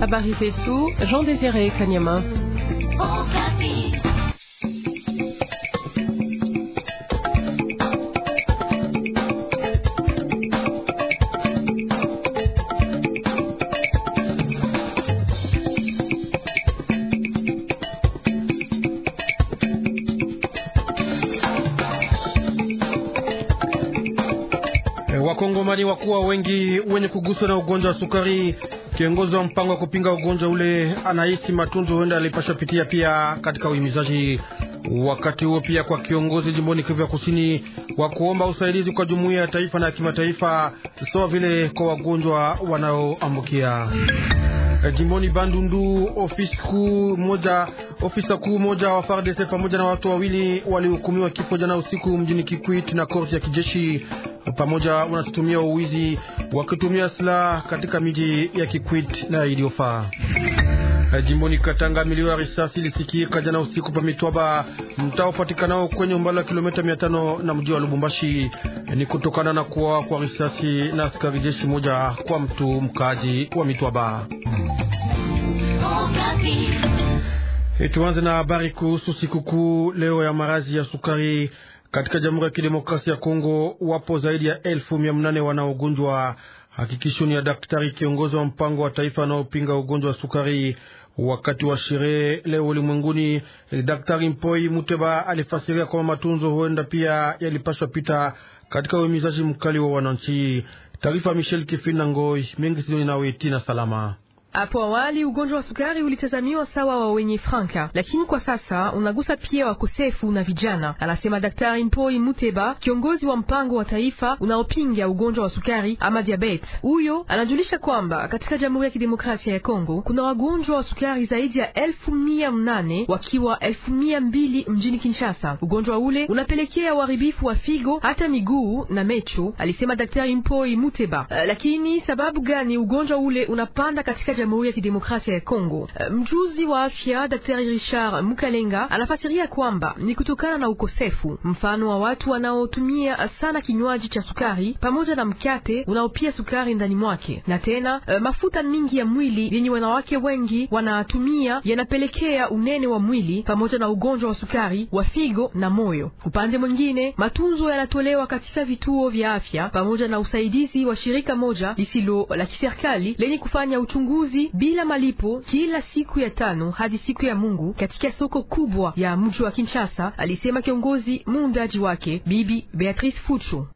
Habari tout. Jean Désiré Kanyama. wa wakuwa wengi wenye kuguswa na ugonjwa wa sukari. Kiongozi wa mpango wa kupinga ugonjwa ule anahisi matunzo huenda alipashwa pitia pia katika uhimizaji. Wakati huo pia kwa kiongozi jimboni Kivu ya Kusini wa kuomba usaidizi kwa jumuiya ya taifa na kimataifa, sawa vile kwa wagonjwa wanaoambukia eh, jimboni Bandundu. Ofisa kuu moja, ofisa kuu moja wa FARDC pamoja na watu wawili walihukumiwa kifo jana usiku mjini Kikwit na korti ya kijeshi pamoja wanatumia uwizi wakitumia silaha katika miji ya Kikwit na iliyofaa. Eh, jimboni Katanga, milio ya risasi ilisikika jana usiku pa Mitwaba, mtaa upatikanao kwenye umbali wa kilomita 500 na mji wa Lubumbashi. Eh, ni kutokana na kuwa kwa risasi na askari jeshi moja kwa mtu mkaaji wa Mitwaba. Eh, tuanze na habari kuhusu sikukuu leo ya marazi ya sukari. Katika Jamhuri ya Kidemokrasia ya Kongo wapo zaidi ya elfu mia nane wanaogonjwa. Hakikisho ni ya daktari kiongozi wa mpango wa taifa anaopinga ugonjwa wa sukari. Wakati wa sherehe leo ulimwenguni, Daktari Mpoi Muteba alifasiria kwamba matunzo huenda pia yalipaswa pita katika uhimizaji mkali wa wananchi. Taarifa Michel Kifinda Ngoi mengi Sidoni nawe Tina Salama. Hapo awali ugonjwa wa sukari ulitazamiwa sawa wa wenye franka, lakini kwa sasa unagusa pia wakosefu na vijana, anasema Daktari Mpoi Muteba, kiongozi wa mpango wa taifa unaopinga ugonjwa wa sukari ama diabetes. Huyo anajulisha kwamba katika Jamhuri ya Kidemokrasia ya Kongo kuna wagonjwa wa sukari zaidi ya elfu mia mnane wakiwa elfu mia mbili mjini Kinshasa. Ugonjwa ule unapelekea uharibifu wa figo, hata miguu na mecho, alisema Daktari Mpoi Muteba. Eh, lakini sababu gani ugonjwa ule unapanda katika Jamhuri ya Kidemokrasia ya Kongo. Eh, mjuzi wa afya Daktari Richard Mukalenga anafasiria kwamba ni kutokana na ukosefu mfano wa watu wanaotumia sana kinywaji cha sukari pamoja na mkate unaopia sukari ndani mwake, na tena eh, mafuta mingi ya mwili yenye wanawake wengi wanatumia yanapelekea unene wa mwili pamoja na ugonjwa wa sukari wa figo na moyo. Upande mwingine, matunzo yanatolewa katika vituo vya afya pamoja na usaidizi wa shirika moja lisilo la kiserikali lenye kufanya uchunguzi kazi bila malipo kila siku ya tano hadi siku ya Mungu katika soko kubwa ya mji wa Kinshasa, alisema kiongozi muundaji wake Bibi Beatrice Fucho.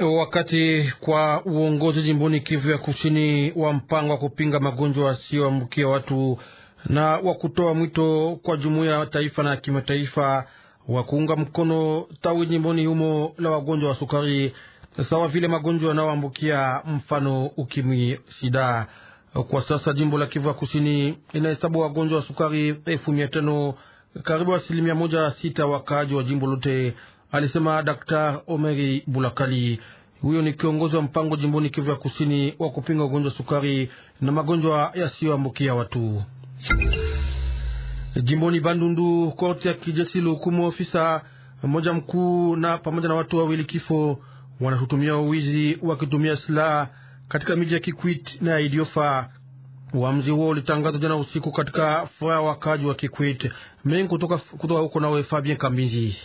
Wakati kwa uongozi jimboni Kivu ya Kusini wa mpango wa kupinga magonjwa yasiyoambukia watu na wa kutoa mwito kwa jumuiya ya taifa na kimataifa wa kuunga mkono tawi jimboni humo la wagonjwa wa sukari sawa vile magonjwa yanayoambukia mfano ukimwi, sida. Kwa sasa jimbo la Kivu ya Kusini linahesabu wagonjwa wa sukari elfu mia tano karibu asilimia moja sita wakaaji wa jimbo lote, alisema Daktari Omeri Bulakali. Huyo ni kiongozi wa mpango jimboni Kivu ya Kusini wa kupinga ugonjwa sukari na magonjwa yasiyoambukia watu. Jimboni Bandundu, korti ya kijeshi ilihukumu ofisa mmoja mkuu na pamoja na watu wawili kifo, wanashutumia uwizi wakitumia silaha katika miji ya Kikwit na Idiofa. Uamuzi huo ulitangazwa jana usiku katika furaha wakaji wa Kikwit mengi kutoka, kutoka huko. Nawe Fabien Kambinzi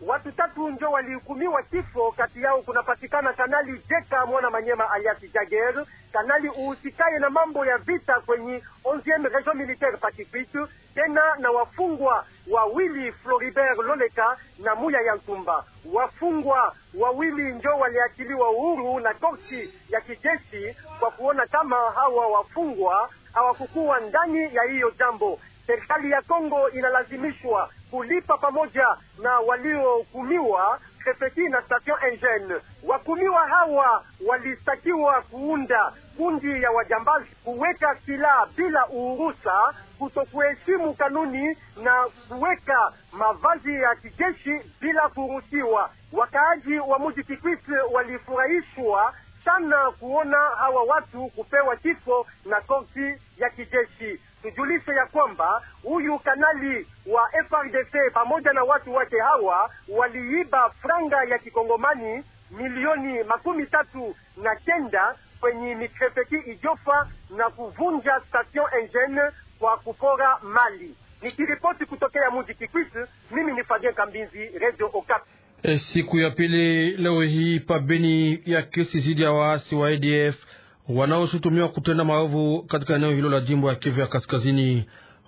watu tatu njo walihukumiwa kifo. Kati yao kunapatikana Kanali Jeka Mwana Manyema aliasi Jager, kanali uhusikaye na mambo ya vita kwenye 11e region militaire Pacifique, tena na wafungwa wawili Floribert Loleka na Muya ya Ntumba. Wafungwa wawili njo waliachiliwa uhuru na korti ya kijeshi kwa kuona kama hawa wafungwa hawakukuwa ndani ya hiyo jambo. Serikali ya Kongo inalazimishwa kulipa pamoja na waliohukumiwa prefeti na station Engine. Wakumiwa hawa walistakiwa kuunda kundi ya wajambazi, kuweka silaha bila uruhusa, kutokuheshimu kanuni na kuweka mavazi ya kijeshi bila kuruhusiwa. Wakaaji wa mji Kikwit walifurahishwa sana kuona hawa watu kupewa kifo na korti ya kijeshi tujulishe ya kwamba huyu kanali wa FRDC pamoja na watu wake hawa waliiba franga ya kikongomani milioni makumi tatu na kenda kwenye mikrefeki Ijofa na kuvunja station engine kwa kupora mali. Nikiripoti kutokea mji Kikwisi, mimi ni Fabien Kambinzi, Radio Okapi. Eh, siku ya pili leo hii pabeni ya kesi zidi ya waasi wa ADF wanaoshutumiwa kutenda maovu katika eneo hilo la jimbo ya Kivu ya Kaskazini.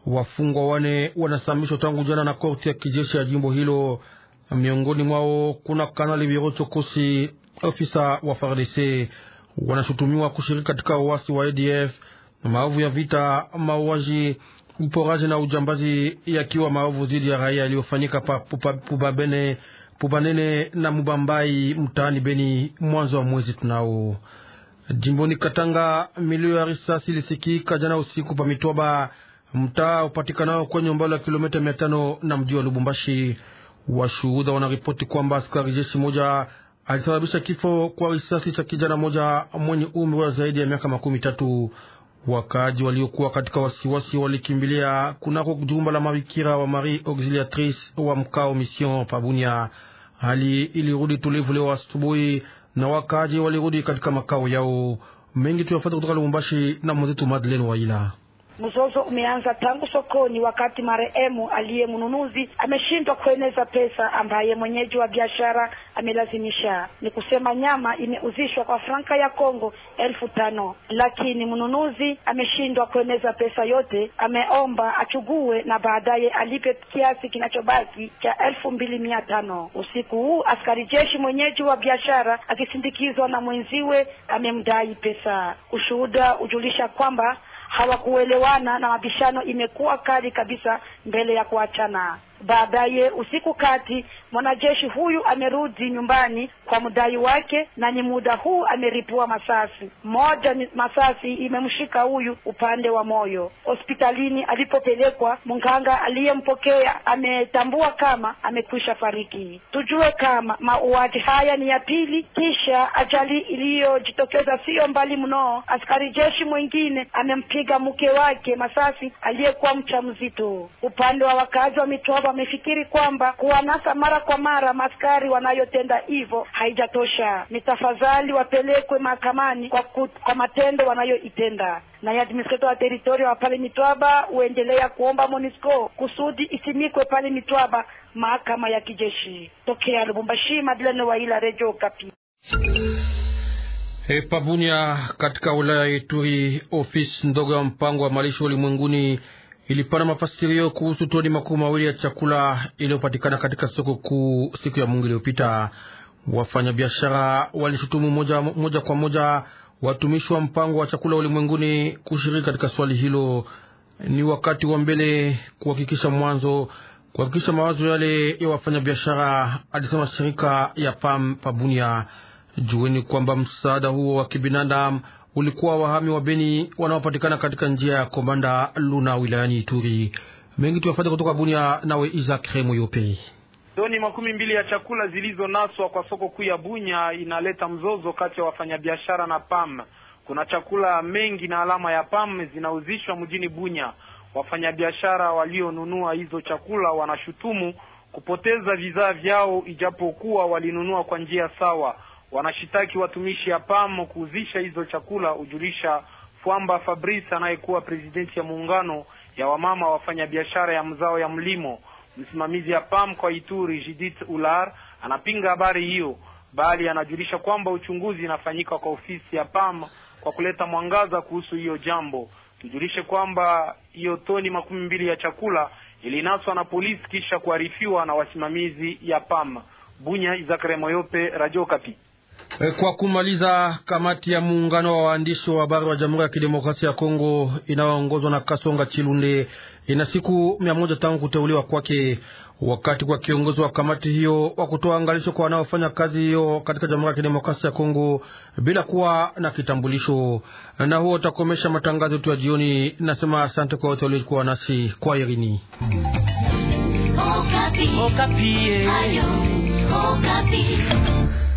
Wafungwa wane wanasamishwa tangu jana na korti ya kijeshi ya jimbo hilo. Miongoni mwao kuna Kanali Birocho Kosi, ofisa wa FARDC. Wanashutumiwa kushiriki katika uasi wa ADF, maovu ya vita, mauaji, uporaji na ujambazi, yakiwa maovu dhidi ya raia yaliyofanyika pa Pubanene na Mubambai mtaani Beni mwanzo wa mwezi tunao Jimboni Katanga, milio ya risasi ilisikika jana usiku pa Mitwaba, mtaa upatikanao kwenye umbali wa kilomita mia tano na mji wa Lubumbashi. Washuhuda wanaripoti kwamba askari jeshi moja alisababisha kifo kwa risasi cha kijana moja mwenye umri wa zaidi ya miaka makumi tatu. Wakaaji waliokuwa katika wasiwasi walikimbilia kunako jumba la mabikira wa Marie Auxiliatrice wa mkao Mission Pabunia. Hali ilirudi tulivu leo asubuhi na wakaji walirudi katika makao yao. Mengi tuyafata kutoka Lubumbashi na mwenzetu Madeleine Waila. Mzozo umeanza tangu sokoni, wakati marehemu aliye mnunuzi ameshindwa kueneza pesa ambaye mwenyeji wa biashara amelazimisha. Ni kusema nyama imeuzishwa kwa franka ya Kongo elfu tano lakini mnunuzi ameshindwa kueneza pesa yote, ameomba achugue na baadaye alipe kiasi kinachobaki cha elfu mbili mia tano. Usiku huu askari jeshi mwenyeji wa biashara akisindikizwa na mwenziwe amemdai pesa. Ushuhuda hujulisha kwamba hawakuelewana na mabishano imekuwa kali kabisa mbele ya kuachana. Baadaye usiku kati, mwanajeshi huyu amerudi nyumbani kwa mdai wake, na ni muda huu ameripua masasi moja. Ni masasi imemshika huyu upande wa moyo. Hospitalini alipopelekwa, mganga aliyempokea ametambua kama amekwisha fariki. Tujue kama mauaji haya ni ya pili kisha ajali iliyojitokeza siyo mbali mno. Askari jeshi mwingine amempiga mke wake masasi aliyekuwa mcha mzito. Upande wa wakazi wa Mitwaba wamefikiri kwamba kuwanasa mara kwa mara maskari wanayotenda hivyo haijatosha, ni tafadhali wapelekwe mahakamani kwa, kwa matendo wanayoitenda. Naye administrator wa teritoria wa pale Mitwaba huendelea kuomba MONUSCO kusudi isimikwe pale Mitwaba mahakama ya kijeshi. Tokea Lubumbashi, Madlene Waila, Radio Kapi. E, katika wilaya ya Ituri, ofisi ndogo ya mpango wa malisho ulimwenguni ilipana mafasirio kuhusu toni makumi mawili ya chakula iliyopatikana katika soko kuu siku ya Mungu iliyopita. Wafanyabiashara walishutumu moja, moja kwa moja watumishi wa mpango wa chakula ulimwenguni kushiriki katika swali hilo. Ni wakati wa mbele kuhakikisha mwanzo kuhakikisha mawazo yale ya wafanyabiashara, alisema shirika ya PAM Pabunia. Jueni kwamba msaada huo wa kibinadamu ulikuwa wahami wa Beni wanaopatikana katika njia ya Komanda Luna wilayani Ituri. Mengi tuyafata kutoka Bunia, nawe Isaac Remo Yope. Toni makumi mbili ya chakula zilizonaswa kwa soko kuu ya Bunya inaleta mzozo kati ya wafanyabiashara na PAM. Kuna chakula mengi na alama ya PAM zinauzishwa mjini Bunya. Wafanyabiashara walionunua hizo chakula wanashutumu kupoteza vizaa vyao, ijapokuwa walinunua kwa njia sawa. Wanashitaki watumishi ya PAM kuuzisha hizo chakula, hujulisha Fwamba Fabrice anayekuwa presidenti ya muungano ya wamama wafanyabiashara ya mzao ya mlimo. Msimamizi ya PAM kwa Ituri Judith Ular anapinga habari hiyo, bali anajulisha kwamba uchunguzi inafanyika kwa ofisi ya PAM kwa kuleta mwangaza kuhusu hiyo jambo. Tujulishe kwamba hiyo toni makumi mbili ya chakula ilinaswa na polisi kisha kuarifiwa na wasimamizi ya PAM. Bunya Izakare Moyope, Radio Eh, kwa kumaliza, kamati ya muungano wa waandishi wa habari wa Jamhuri ya Kidemokrasia ya Kongo inayoongozwa na Kasonga Chilunde ina siku mia moja tangu kuteuliwa kwake. Wakati kwa kiongozi wa kamati hiyo wa kutoa angalisho kwa wanaofanya kazi hiyo katika Jamhuri ya Kidemokrasia ya Kongo bila kuwa na kitambulisho. Na huo utakomesha matangazo yetu ya jioni. Nasema asante kwa wote waliokuwa nasi kwa irini Okapi. Okapi. Ayo. Okapi.